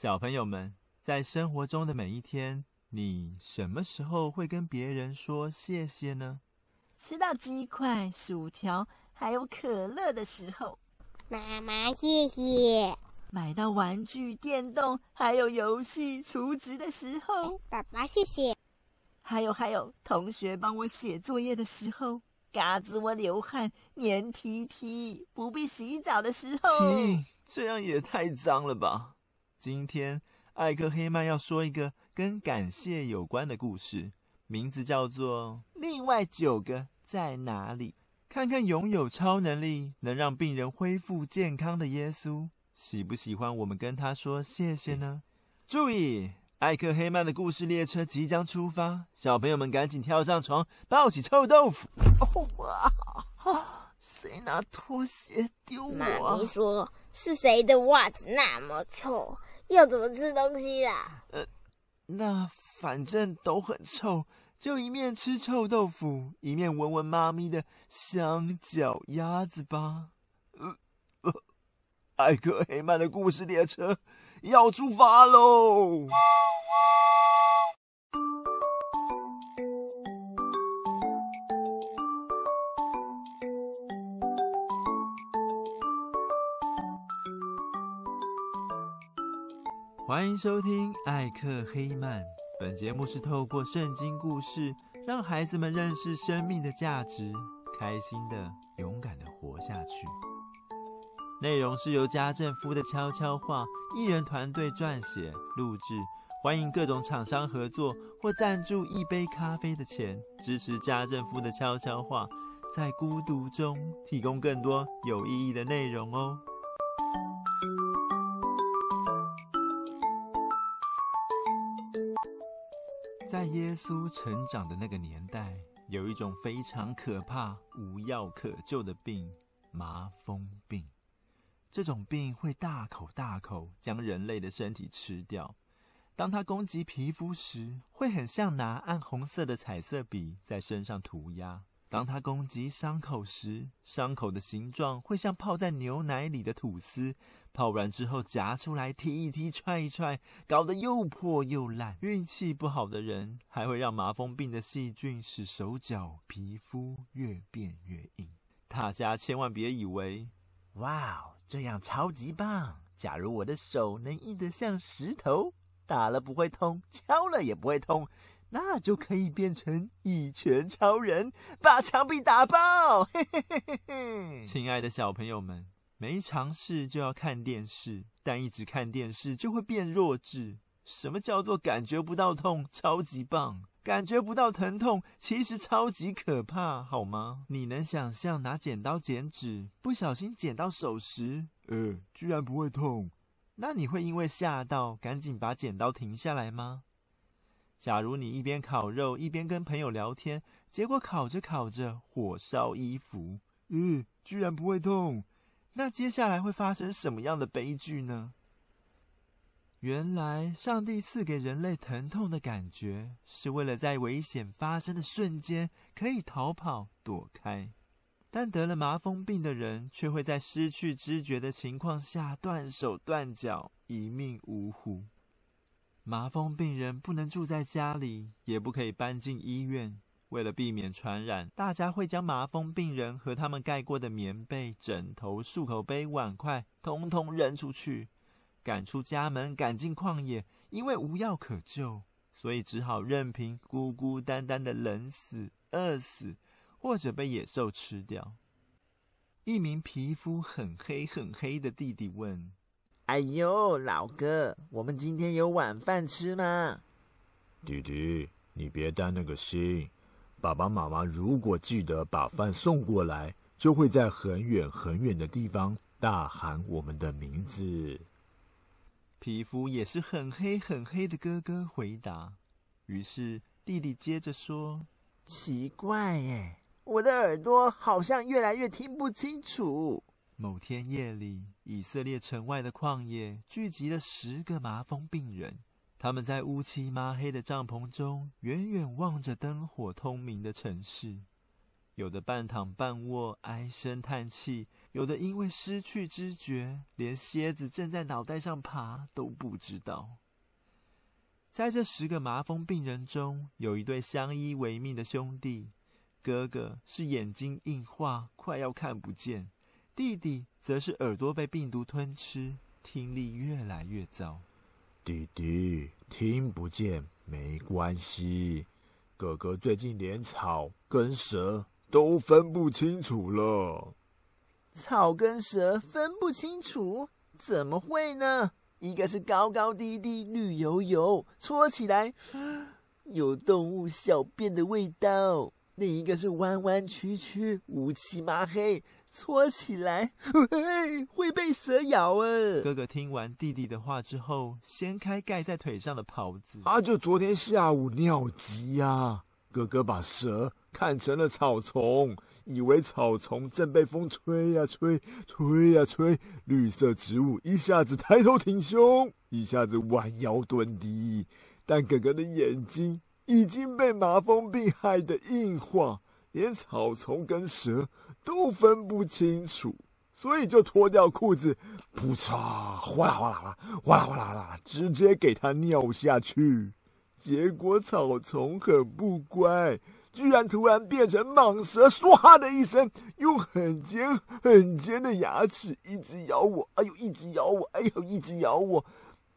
小朋友們，在生活中的每一天，你什麼時候會跟別人說謝謝呢？吃到雞塊、薯條還有可樂的時候，媽媽謝謝；買到玩具、電動還有遊戲、廚具的時候，爸爸謝謝；還有還有，同學幫我寫作業的時候，嘎子我流汗黏踢踢，不必洗澡的時候，這樣也太髒了吧。今天艾克黑曼要說一個跟感謝有關的故事，名字叫做《另外九個在哪裡》。看看擁有超能力能讓病人恢復健康的耶穌，喜不喜歡我們跟他說謝謝呢？注意，艾克黑曼的故事列車即將出發，小朋友們趕緊跳上床，抱起臭豆腐。哇哦，誰拿拖鞋丟我？你說是誰的襪子那麼臭？要怎麼吃東西啦、啊？呃，那反正都很臭，就一面吃臭豆腐，一面聞聞媽咪的香腳丫子吧。呃，呃，艾克黑曼的故事列車要出發嘍！ 歡迎收聽艾克黑曼。本節目是透過聖經故事，讓孩子們認識生命的價值，開心地、勇敢地活下去。內容是由家政夫的悄悄話藝人團隊撰寫、錄制。歡迎各種廠商合作或贊助一杯咖啡的錢，支持家政夫的悄悄話，在孤獨中提供更多有意義的內容哦。在耶穌成長的那個年代，有一種非常可怕、無藥可救的病——麻風病。這種病會大口大口將人類的身體吃掉，當它攻擊皮膚時，會很像拿暗紅色的彩色筆在身上塗鴉。當它攻擊傷口時，傷口的形狀會像泡在牛奶裡的吐司，泡軟之後夾出來踢一踢、踹一踹，搞得又破又爛。運氣不好的人，還會讓麻風病的細菌使手腳皮膚越變越硬。大家千萬別以為，哇、wow，這樣超級棒！假如我的手能硬得像石頭，打了不會痛，敲了也不會痛。那就可以變成一拳超人，把牆壁打爆！嘿嘿嘿嘿嘿。親愛的小朋友們，沒嘗試就要看電視，但一直看電視就會變弱智。什麼叫做感覺不到痛？超級棒！感覺不到疼痛，其實超級可怕，好嗎？你能想象拿剪刀剪紙，不小心剪到手時，呃，居然不會痛？那你會因為嚇到，趕緊把剪刀停下來嗎？假如你一邊烤肉一邊跟朋友聊天，結果烤着烤着火燒衣服，嗯，居然不會痛，那接下來會發生什麼樣的悲劇呢？原來上帝賜給人類疼痛的感覺，是為了在危險發生的瞬間可以逃跑躲開，但得了麻風病的人卻會在失去知覺的情況下斷手斷腳，一命嗚呼。麻風病人不能住在家裡，也不可以搬進醫院。為了避免傳染，大家會將麻風病人和他們蓋過的棉被、枕頭、漱口杯、碗筷，統統扔出去，趕出家門，趕進曠野。因為無藥可救，所以只好任憑孤孤單單的冷死、餓死，或者被野獸吃掉。一名皮膚很黑、很黑的弟弟問。哎呦，老哥，我們今天有晚飯吃嗎？弟弟，你別擔那個心，爸爸媽媽如果記得把飯送過來，就會在很遠很遠的地方大喊我們的名字。皮膚也是很黑很黑的哥哥回答，於是弟弟接着說：“奇怪耶，我的耳朵好像越來越聽不清楚。”某天夜裡，以色列城外的曠野聚集了十個麻風病人。他們在烏漆麻黑的帳篷中，遠遠望着燈火通明的城市。有的半躺半臥，唉聲嘆氣；有的因為失去知覺，連蠍子正在腦袋上爬都不知道。在這十個麻風病人中，有一對相依為命的兄弟，哥哥是眼睛硬化，快要看不見。弟弟則是耳朵被病毒吞吃，聽力越來越糟。弟弟聽不見沒關係，哥哥最近連草跟蛇都分不清楚了。草跟蛇分不清楚？怎麼會呢？一個是高高低低、綠油油，搓起來有動物小便的味道；另一個是彎彎曲曲、烏漆嘛黑。搓起來，嘿嘿，會被蛇咬啊。哥哥聽完弟弟的話之後，掀開蓋在腿上的袍子。啊，就昨天下午尿急呀、啊！哥哥把蛇看成了草叢，以為草叢正被風吹呀、啊、吹，吹呀、啊、吹，綠色植物一下子抬頭挺胸，一下子彎腰蹲低。但哥哥的眼睛已經被麻風病害得硬化。連草叢跟蛇都分不清楚，所以就脫掉褲子，撲嚓，嘩啦嘩啦啦，嘩啦嘩啦啦，直接給它尿下去。結果草叢很不乖，居然突然變成蟒蛇，唰的一聲，用很尖很尖的牙齒一直咬我，哎喲，一直咬我，哎呦，一直咬我，哎呦，一直咬我，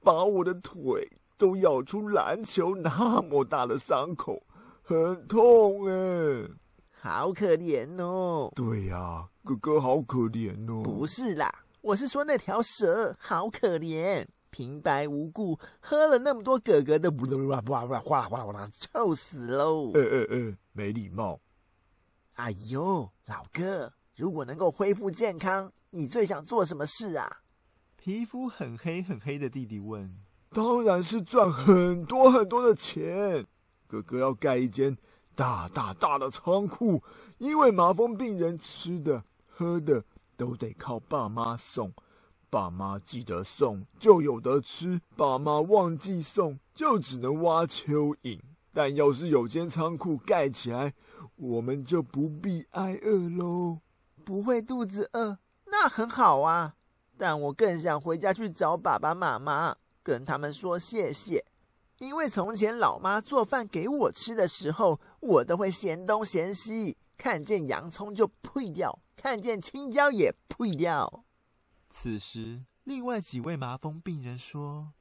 把我的腿都咬出籃球那麼大的傷口，很痛哎、欸。好可憐哦！對呀、啊，哥哥好可憐哦。不是啦，我是說那條蛇好可憐，平白無故喝了那麼多哥哥的，嘩啦嘩啦嘩啦，臭死嘍！嗯嗯嗯，沒禮貌。哎呦，老哥，如果能夠恢復健康，你最想做什麼事啊？皮膚很黑很黑的弟弟問。當然是賺很多很多的錢。哥哥要蓋一間。大大大的倉庫，因為麻風病人吃的喝的都得靠爸媽送，爸媽記得送就有得吃，爸媽忘記送就只能挖蚯蚓。但要是有間倉庫蓋起來，我們就不必挨餓嘍。不會肚子餓，那很好啊。但我更想回家去找爸爸媽媽，跟他們說謝謝。因為從前老媽做飯給我吃的時候，我都會嫌東嫌西，看見洋蔥就呸掉，看見青椒也呸掉。此時，另外幾位麻風病人說：“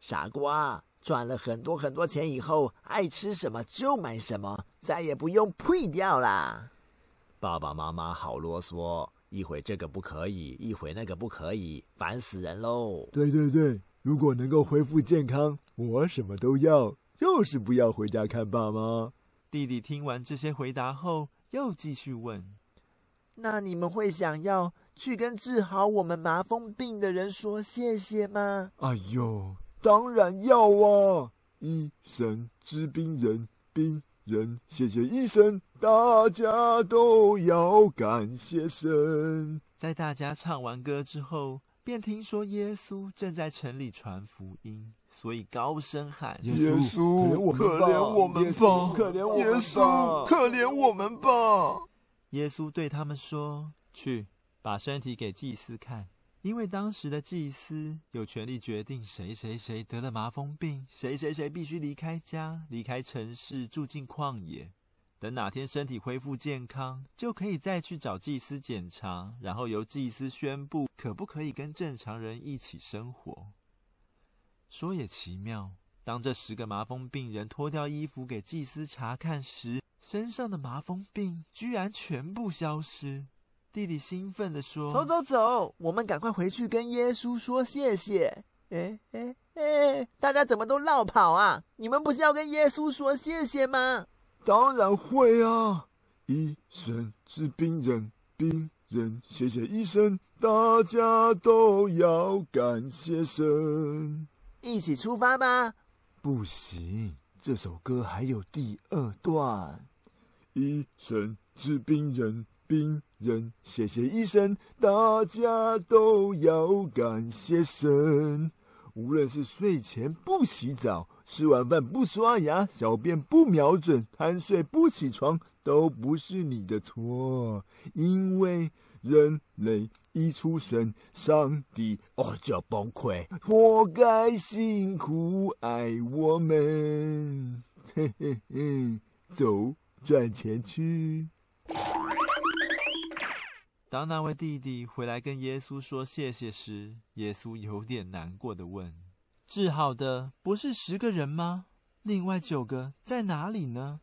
傻瓜，賺了很多很多錢以後，愛吃什麼就買什麼，再也不用呸掉啦。”爸爸媽媽好囉嗦，一會這個不可以，一會那個不可以，煩死人嘍！對對對。如果能夠恢復健康，我什麼都要，就是不要回家看爸媽。弟弟聽完這些回答後，又繼續問：“那你們會想要去跟治好我們麻風病的人說謝謝嗎？”“哎呦，當然要啊！醫生治病人，人病人謝謝醫生，大家都要感謝神。”在大家唱完歌之後。便聽說耶穌正在城裡傳福音，所以高聲喊：“耶穌，可憐我們吧，可憐我們吧！耶穌，可憐我們吧！耶穌，可憐我們吧！”耶穌對他們說：“去，把身體給祭司看，因為當時的祭司有權力決定誰,誰誰誰得了麻風病，誰誰誰必須離開家，離開城市，住進曠野。”等哪天身體恢復健康，就可以再去找祭司檢查，然後由祭司宣布可不可以跟正常人一起生活。說也奇妙，當這十個麻風病人脫掉衣服給祭司查看時，身上的麻風病居然全部消失。弟弟興奮地說：“走走走，我們趕快回去跟耶穌說謝謝！”哎哎哎，大家怎麼都落跑啊？你們不是要跟耶穌說謝謝嗎？當然會啊！醫生治病人，病人謝謝醫生，大家都要感謝神。一起出發吧！不行，這首歌還有第二段。醫生治病人，病人謝謝醫生，大家都要感謝神。無論是睡前不洗澡、吃完飯不刷牙、小便不瞄準、貪睡不起床，都不是你的錯。因為人類一出生，上帝，哦，就要崩潰，活該辛苦愛我們。嘿嘿嘿，走，賺錢去。當那位弟弟回來跟耶穌說謝謝時，耶穌有點難過的問：“治好的不是十個人嗎？另外九個在哪裡呢？”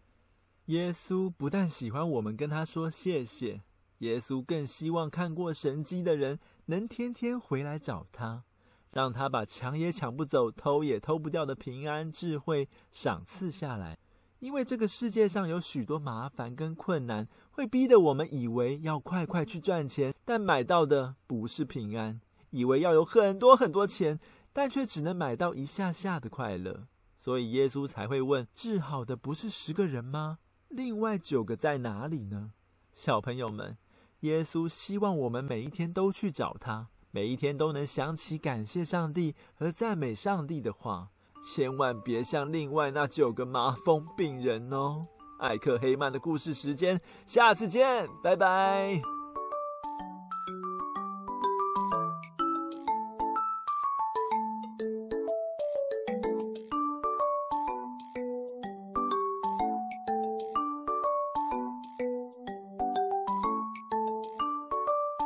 耶穌不但喜歡我們跟他說謝謝，耶穌更希望看過神蹟的人能天天回來找他，讓他把搶也搶不走、偷也偷不掉的平安智慧賞賜下來。因為這個世界上有許多麻煩跟困難，會逼得我們以為要快快去賺錢，但買到的不是平安；以為要有很多很多錢，但卻只能買到一下下的快樂。所以耶穌才會問：治好的不是十個人嗎？另外九個在哪裡呢？小朋友們，耶穌希望我們每一天都去找他，每一天都能想起感謝上帝和讚美上帝的話。千萬別像另外那九個麻風病人哦！艾克黑曼的故事時間，下次見，拜拜。